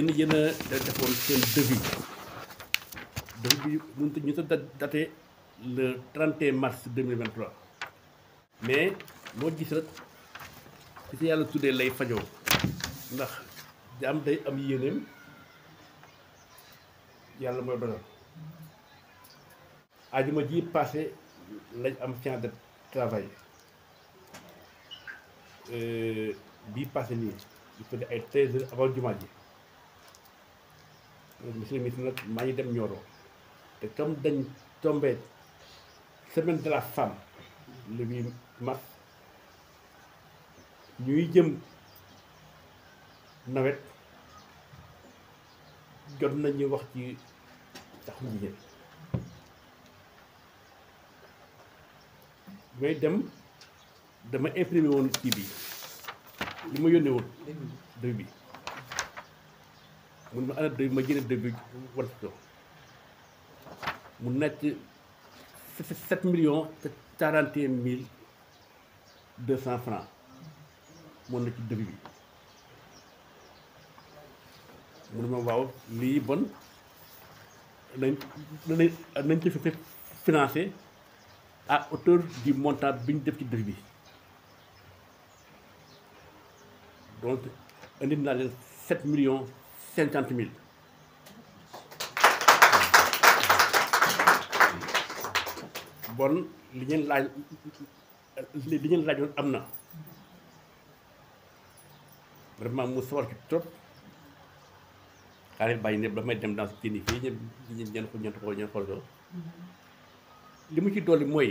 yéen yéen a defoon seen devis devis bi mënut ñu ta daté le 31 mars mais moo gis ci sa yàlla tuddee lay fajoo ndax jaam day am yéeneem yàlla mooy dogal ajuma ji passé lañ am temps de travail euh, bii passé nii il faut ay treize heures avant jumaa ji monsieur le nag maa ngi dem Nioro te comme dañ tombé semaine de la le 8 mars ñuy jëm nawet jot nañu wax ci taxu jigéen may dem dama imprimé woon kii bi li ma yónnee woon dëgg mun ma ana dëgg ma jëlee dëgg mu nekk sept millions quarante et un mille deux cent francs moo nekk ci dëgg bi mun ma waaw lii bon nañ nañ ci financé à hauteur du montant bi ñu def ci dëgg bi donc indi naa leen sept millions cinquante mille bon li ngeen laaj li ngeen laajoon am na vraiment mu sawar ci trop xaaral bàyyi ne ba may dem dans ce kii nii ñeent ñeent xool ñeent xool li mu ci dolli mooy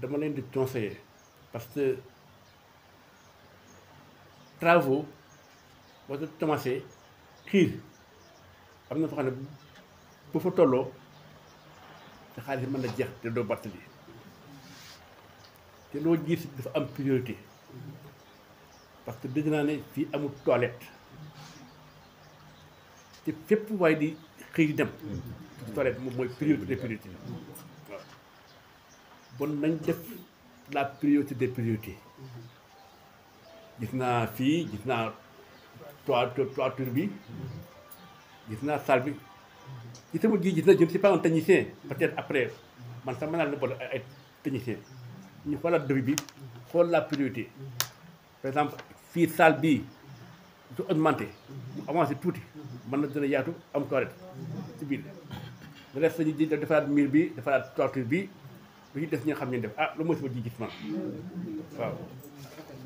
dama leen di conseiller parce travaux boo ko commencé xiir am na foo xam ne bu fa tolloo te xaalis mën na jeex te doo battali te loo gis dafa am priorité parce que dégg naa ne fii amul toilette te fépp waaye di xëy di dem toilette moom mooy priorité des nañ def la priorité des priorités gis naa fii gis naa toiture bi gis naa salle bi gisuma gii gis na je ne suis pas un technicien peut-être après man sax mën naa la boole ay technicien ñu xoolal devis bi xool la priorité par exemple fii salle bi su augmenté mu avancé tuuti mën na dina yaatu am toilette ci biir le reste dañuy di defaraat mur bi defaraat toiture bi lu ñu def ñi xam ne def ah lu mooy sama ji gis man waaw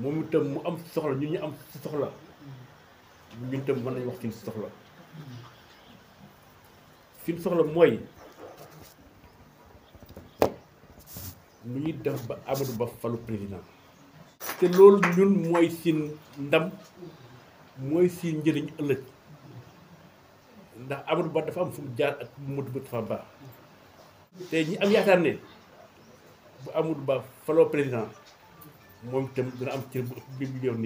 moom tam mu am soxla ñun ñu am soxla ñun tam mën nañu wax suñu soxla suñu soxla mooy mu ñuy def ba Amadou Ba falu président te loolu ñun mooy siin ndam mooy siin njëriñ ëllëg ndax Amadou Ba dafa am fu mu jaar ak Modou Moustapha Ba te ñi am yaakaar ne bu Amadou Ba faloo président moom itam dina am cër bi bi yow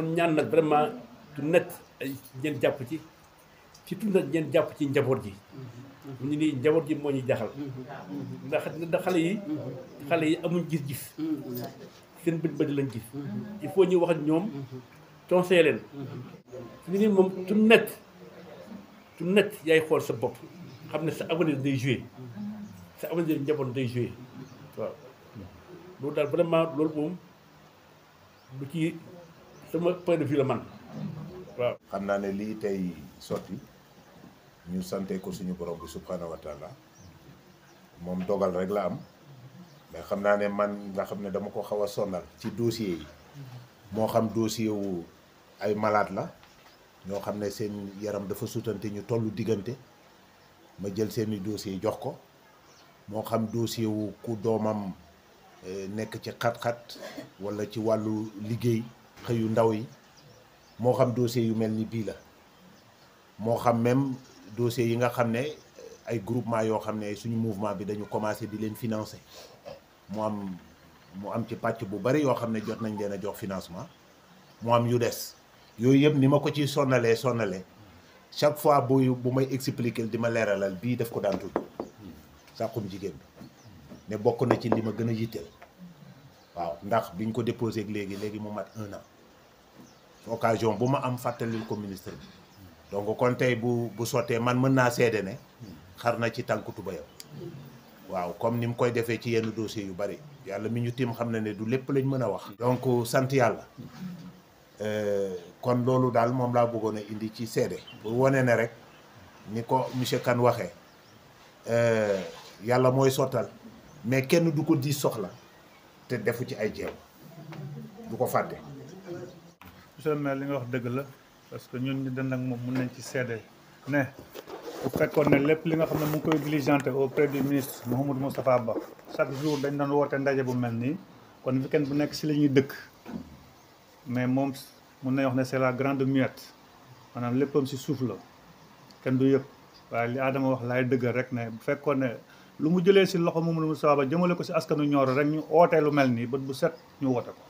ñaan nag vraiment du ay ngeen jàpp ci surtout nag ngeen jàpp ci njaboot ji mu mm-hmm. ñu nii njaboot ji moo ñu jaxal mm-hmm. ndax xale yi mm-hmm. xale yi amuñ gis-gis seen bët bët lañ gis il faut ñu wax ak ñoom conseillé su ñu nii moom tu nekk tu nekk yaay xool sa bopp xam ne sa avenir day joué sa avenir njaboot day joué waaw loolu daal vraiment loolu moom lu ci sama point de vue la man waaw. xam naa ne lii tey sotti ñu sante ko suñu borom bi subhanahu wa moom dogal rek la am mais xam naa ne man nga xam ne dama ko xaw a sonal ci dossier yi moo xam dossier ay malaat la ñoo xam ne seen yaram dafa sutante ñu tollu diggante ma jël seeni dossier jox ko moo xam dossier wu ku doomam Euh, nekk ci xat-xat wala ci wàllu liggéey xëyu ndaw yi moo xam dossier yu mel ni bii la moo xam même dossier yi nga xam ne euh, ay groupement yoo xam ne suñu mouvement bi dañu commencé di leen financer mu am mu am ci pàcc bu bari yoo xam ne jot nañ leen a jox financement mu am yu des yooyu yëpp ni ma ko ciy sonnalee sonnalee chaque fois bu bu may expliquer di ma leeralal bii daf ko daan tudd sàkkum jigéen bi ne bokk na ci li ma gën a yitteel waaw ndax biñ ko déposé léegi léegi mu mat un an occasion bu ma am fàttalil ko ministre bi donc kon tey bu bu sottee man mën naa seede ne xar na ci tànku tubéyam waaw comme ni mu koy defee ci yenn dossiers yu bari yàlla mi ñu tim xam na ne du lépp lañ mën a wax. donc sant yàlla euh, kon loolu daal moom laa bëggoon a indi ci seede. bu wane ne rek ni ko monsieur Kane waxee euh, yàlla mooy sottal. mais kenn du ko di soxla te defu ci ay jew du ko fàtte. monsieur le maire li nga wax deug la parce que ñun ñi dënd ak mom mën nañ ci cédé né bu fekkone lepp li nga xamné mu koy diligenté auprès du ministre mohamed mustapha Ba chaque jour dañ doon woote ndaje bu melni kon fi kenn bu nek ci lañuy dëkk mais mom mën nañ wax né c'est la grande muette manam leppam ci souffle kenn du yëp waye li Adama wax lay deug rek ne fekkone lu mu jëlee si loxo moom lu mu saaba jëmale ko si askanu Nioro rek ñu ootee lu mel nii bët bu set ñu woote ko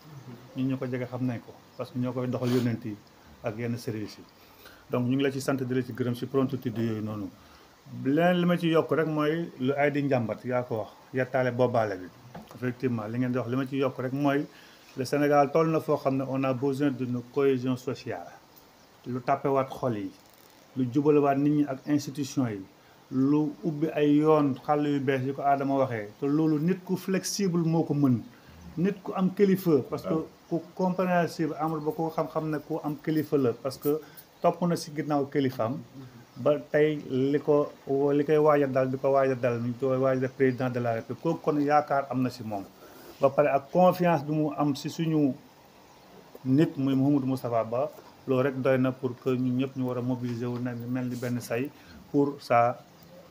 ñun ñu ko jege xam nañ ko parce que ñoo koy doxal yónnent yi ak yenn service yi donc ñu ngi la ci sant di la ci gërëm si promptitude yooyu noonu leen li ma ci yokk rek mooy lu ay di njàmbat yaa ko wax yettaale boobaale bi effectivement li ngeen di wax li ma ci yokk rek mooy le Sénégal toll na foo xam ne on a besoin d'une cohésion sociale lu tàppewaat xol yi lu jubalawaat nit ñi ak institution yi lu ubbi ay yoon xàll yu bees yi ko aadama waxee te loolu nit ku flexible moo ko mën nit ku am kilifa parce que ku compréhensible amul ba ko xam-xam ne ku am kilifa la parce que topp na si ginnaaw kilifam ba tey li ko li koy waaj a dal di ko waaj a dal ñu koy waaj a président de la république kooku kon yaakaar am na si moom ba pare ak confiance bi mu am si suñu nit muy Mouhamadou Moustapha Ba loolu rek doy na pour que ñun ñëpp ñu war a mobiliser wu ne mel ni benn say pour ça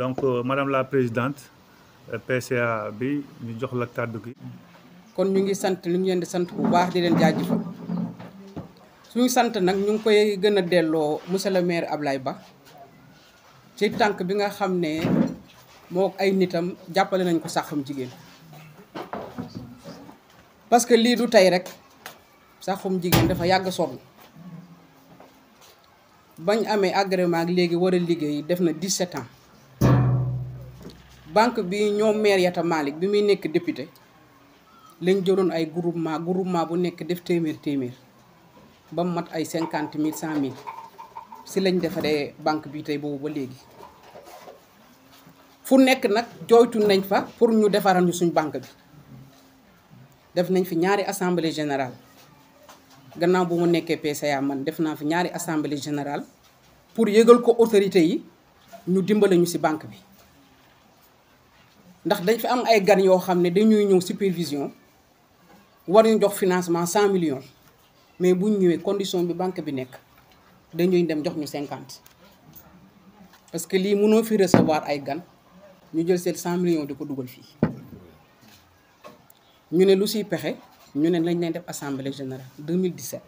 donc euh, madame la présidente euh, PCA bi ñu jox la kàddu gi. kon ñu ngi sant li ñu leen di sant bu baax di leen jaajëfal suñu sant nag ñu ngi koy gën a delloo monsieur le ab lay Ba ci tànk bi nga xam ne moo ay nitam jàppale nañ ko Saxum Jigéen parce que lii du tey rek Saxum Jigéen dafa yàgg sonn bañ amee agrément ak léegi war a liggéey def na 17 ans. banque bi ñoo maire Yata bi muy nekk député lañ jëloon ay groupement groupement bu nekk def téeméer téeméer ba mu mat ay cinquante mille cent mille si lañ defaree banque bi tey boobu ba léegi fu nekk nag jooytu nañ fa pour ñu defaral ñu suñ banque bi def nañ fi ñaari assemblée général gannaaw bu mu nekkee PCA man def naa fi ñaari assemblée général pour yëgal ko autorité yi ñu dimbale ñu si banque bi ndax dañ fi am ay gan yoo xam dañuy ñëw supervision war ñu jox financement 100 millions mais bu ñu ñëwee condition bi banque bi nekk dañuy dem jox ñu 50. parce que lii mënoo fi recevoir ay gan ñu jël 100 millions de ko dugal fii ñu ne lu siy pexe ñu ne lañ leen def assemblée générale 2017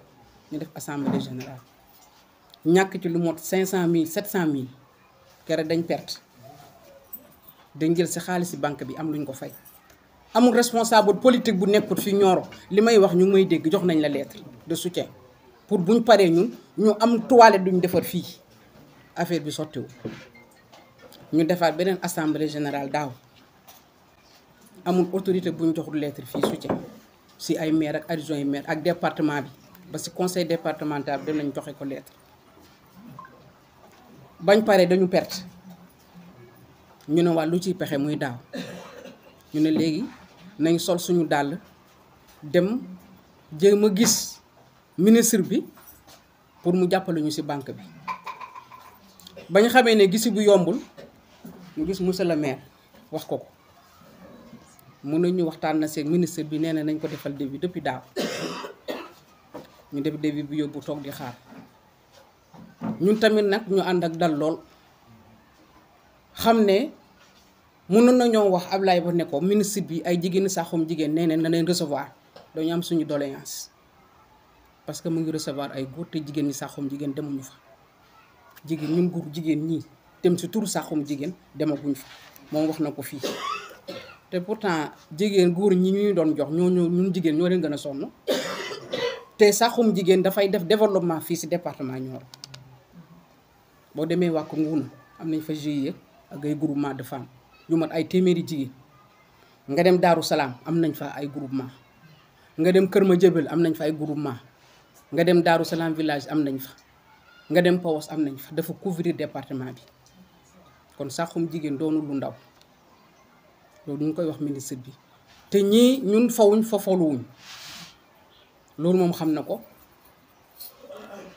ñu def assemblée générale ñàkk ci lu mot 500000 700000 kere dañ perte dañ jël si xaalisi banque bi am luñ ko fay amul responsable politique bu nekkul fi Nioro li may wax ñu ngi may dégg jox nañ la lettre de soutien pour buñ paré ñun ñu am toilette duñ defar fi. affaire bi sottiwu ñu defaat benen assemblée générale daw. amul autorité buñ joxul lettre fi soutien si ay maire ak adjoint yi maire ak département bi ba si conseil départemental dem nañ joxé ko lettre bañ paré dañu perte ñu ne waa lu ciy pexe muy daaw ñu ne léegi nañ sol suñu dàll dem jéem a gis ministre bi pour mu jàppale ñu ci banque bi ba ñu xamee ne gisi bu yombul ñu gis monsieur le maire wax ko ko mun ñu waxtaan na seeg ministre bi nee na nañ ko defal début depuis daaw ñu def début bi yóbbu toog di xaar ñun tamit nag ñu ànd ak dal lool. xam ne mënoon nañoo wax Ablaye ba ne nekkoo ministre bi ay jigéenu Saxum jigéen nee neen na leen recevoir dañu am suñu doléance parce que mu ngi recevoir ay góor te jigéen ñi Saxum jigéen demuñu fa jigéen ñun góor jigéen ñi dem si turu Saxum jigéen demaguñ fa moom wax na ko fii te pourtant jigéen góor ñi ñuy doon jox ñoo ñoo ñun jigéen ñoo leen gën a sonn te Saxum jigéen dafay def développement fii si département Nioro boo demee wàkk nguuna am nañ fa GIE ak ay groupement de femmes ñu mat ay téeméeri jigéen nga dem Daaru Salaam am nañ fa ay groupement nga dem Kër ma jëbal am nañ fa ay groupement nga dem Daaru Salaam village am nañ fa nga dem Paos am nañ fa dafa couvrir département bi kon Saxum Jigéen doonu lu ndaw loolu ñu koy wax ministre bi te ñii ñun fawuñ fa foluwuñ loolu moom xam na ko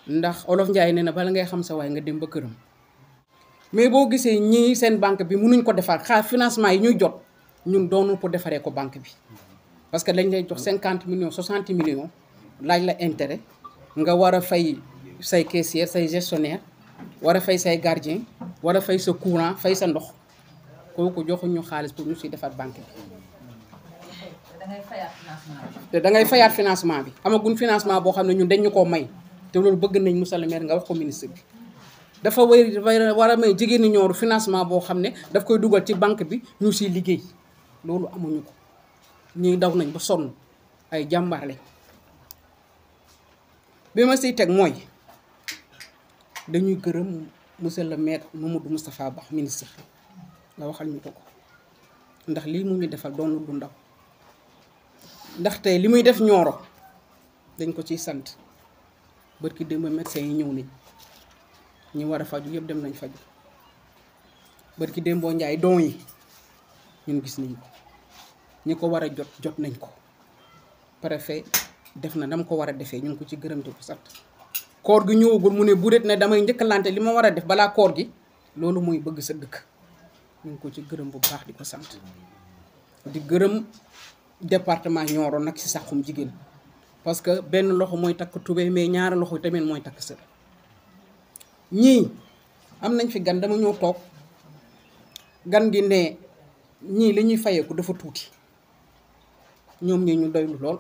ndax Olof Njaay nee na bala ngay xam sa waay nga dem ba këram mais boo gisee ñii seen banque bi nuñ ko defar xaar financement yi ñuy jot ñun doonul pour defaree ko banque bi parce que lañ lay jox cinquante millions soixante millions laaj la intérêt nga war a fay say caissière say gestionnaire war a fay say gardien war a fay sa courant fay sa ndox kooku joxuñu xaalis pour ñu si defar banque bi. te da ngay fayaat financement bi. amaguñ financement boo xam ne ñun dañ ñu koo may te loolu bëgg nañ monsieur le maire nga wax ko ministre bi. dafa war war a may jigéen ñooru financement boo xam ne daf koy dugal ci banque bi ñu siy liggéey loolu amuñu ko ñii daw nañ ba sonn ay jàmbarle lañ bi ma siy teg mooy dañuy gërëm monsieur le maire Mamadou Moustapha Ba ministre nga waxal ñu ko ko ndax lii mu ñu defal doonul du ndaw ndax li muy def ñooro dañ ko ciy sant barki démb médecin yi ñëw nañ ñi war a faju yëpp dem nañ faju ki démboo njaay don yi ñun gis nañ ko ñi ko war a jot jot nañ ko préfet def na dama ko war a defee ñu ngi ko ci gërëm di ko sant koor gi ñëwagul mu ne bu ret ne damay njëkkalante li ma war a def balaa koor gi loolu mooy bëgg sa dëkk ñu ko ci gërëm bu baax di ko sant gërëm département Nioro nag si saxum jigéen parce que benn loxo mooy takk tubéy mais ñaari loxo tamit mooy takk sër ñii am nañ fi gan dama ñëw toog gan gi ne ñii li ñuy fayeeku dafa tuuti ñoom ñi ñu doylu lool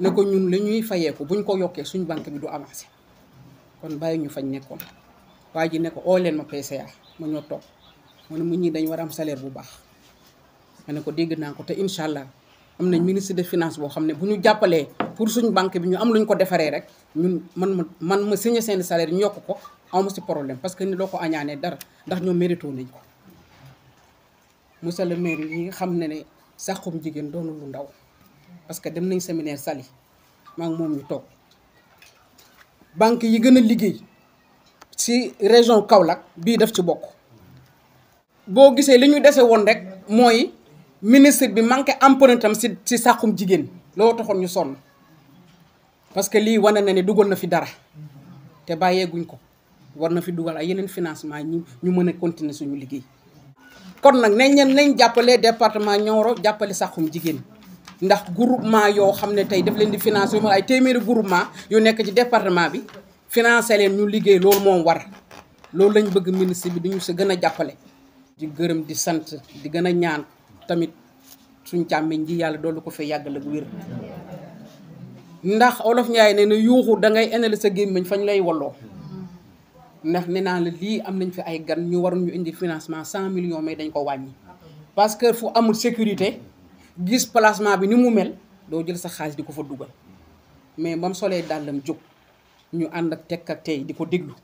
ne ko ñun li ñuy fayeeku buñ ko yokkee suñ banque bi du avancé kon bàyyi ñu fañ nekkoon waa ji ne ko oo leen ma PCA ma ñoo toog ma mu ñii dañ war am salaire bu baax ma ne ko dégg naa ko te incha allah am nañ ministre de finance boo xam ne bu ñu jàppalee pour suñ banque bi ñu am lañ ko defaree rek ñun man ma man ma signé seen salaire ñu yokk ko amu si problème parce que ni loo ko añaanee dara ndax ñoom mérito nañ ko monsieur le maire yi xam ne ne Saxum Jigéen doonu lu ndaw parce que dem nañ séminaire sali maa moom ñu toog banque yi gën a liggéey si région Kaolack bii daf ci bokk boo gisee li ñu dese woon rek mooy ministre bi manqué empreinte am si si sàqum jigéen loo toxoon ñu sonn parce que lii wane na ne dugal na fi dara te bàyyeeguñ ko war na fi dugal ay yeneen financement ñu ñu mën a continuer suñu liggéey kon nag nañ leen nañ jàppale département Nioro jàppale sàqum jigéen ndax groupement yoo xam ne tey daf leen di financer yu ay téeméeri groupement yu nekk ci département bi financer leen ñu liggéey loolu moom war loolu lañ bëgg ministre bi duñu si gën a jàppale di gërëm di sant di gën a ñaan tamit suñ càmmiñ ji yàlla doolu ko fee yàggal ak wér ndax olof Njaay nee na yuuxu dangay enale sa gémmiñ fañ lay walloo ndax ne naa la lii am nañ fi ay gan ñu waroon ñu indi financement cent million mais dañ ko wàññi parce que fu amul sécurité gis placement bi ni mu mel doo jël sa xaalis di ko fa dugal mais bam solee dàllam jóg ñu ànd ak tekk ak tey di ko déglu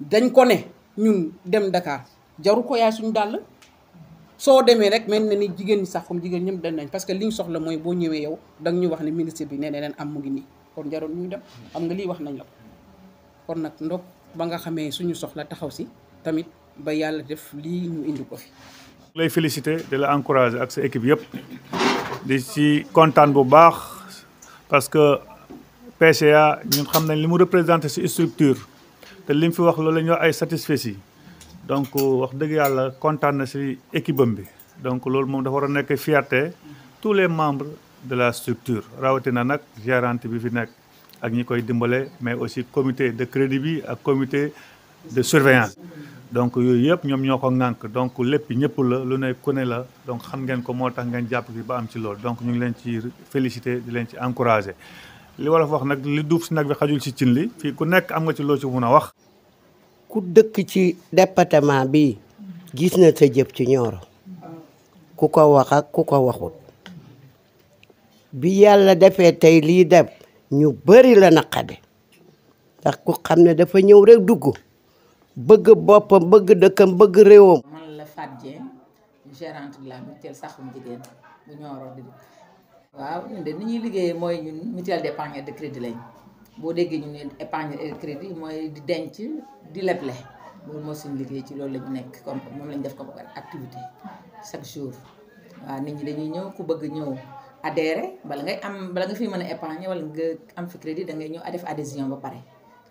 dañ ko ne ñun dem Dakar jaru ko yaay suñu dàll soo demee rek mel na ni jigéen ñi sax comme jigéen ñëpp dem nañ parce que li ñu soxla mooy boo ñëwee yow da ñu wax ni ministre bi nee na leen am mu ngi nii kon jaroon ñuy dem xam nga lii wax nañ la ko kon nag ndox ba nga xamee suñu soxla taxaw si tamit ba yàlla def lii ñu indi ko fi. lay féliciter di la encourager ak sa équipe yëpp di ci kontaan bu baax parce que PCA ñun xam nañ li mu représenté si structure te li mu fi wax loolu la ñu ay satisfaits yi. donc wax dëgg yàlla kontaan na si équipe bi donc loolu moom dafa war a nekk fierté tous les membres de la structure rawatina nag gérante bi fi nekk ak ñi koy dimbale mais aussi comité de crédit bi ak comité de surveillance donc yooyu yëpp ñoom ñoo ko ŋànk donc lépp ñëpp la lu ne ku ne la donc xam ngeen ko moo tax ngeen jàpp ci ba am ci loolu donc ñu ngi leen ci félicité di leen ci encouragé li wala wax nag li duuf si nag bi xajul ci cin li fii ku nekk am nga ci loo ci mun a wax ku dëkk ci département bi gis na sa jëf ci Nioro ku ko wax ak ku ko waxut bi yàlla defee tey lii def ñu bari la naqade ndax ku xam dafa ñëw rek dugg bëgg boppam bëgg dëkkam bëgg réewam. man la Fat gérante de la mutuelle saxum jigéen bu di waaw ñun de ni ñuy liggéeyee mooy ñun mutuelle de crédit lañ. boo déggee ñu ne épargne crédit mooy di denc di leble loolu moo suñu liggéey ci loolu la ñu nekk comme moom la ñu def comme activité chaque jour. waaw nit ñi dañuy ñëw ku bëgg ñëw adhéré bala ngay am bala nga fi mën a épargner wala nga am fi crédit da ngay ñëw def adhésion ba pare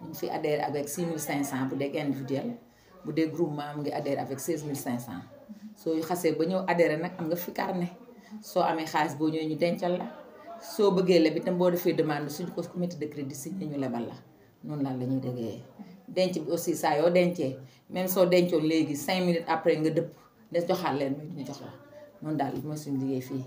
mu ngi fi adhéré avec 6500 bu dee individuel bu dee groupement mu ngi adhéré avec 16500 soo xasee ba ñëw adhéré nag am nga fi carnet soo amee xaalis boo ñëwee ñu dencal la. soo bëggee leb itam boo defee demande suñ ko comité de crédit signé ñu lebal la noonu la la ñuy déggee denc bi aussi saa yoo dencee même soo dencoon léegi cinq minutes après nga dëpp des joxaat leen ñu jox la noonu daal mooy suñ liggéey fii.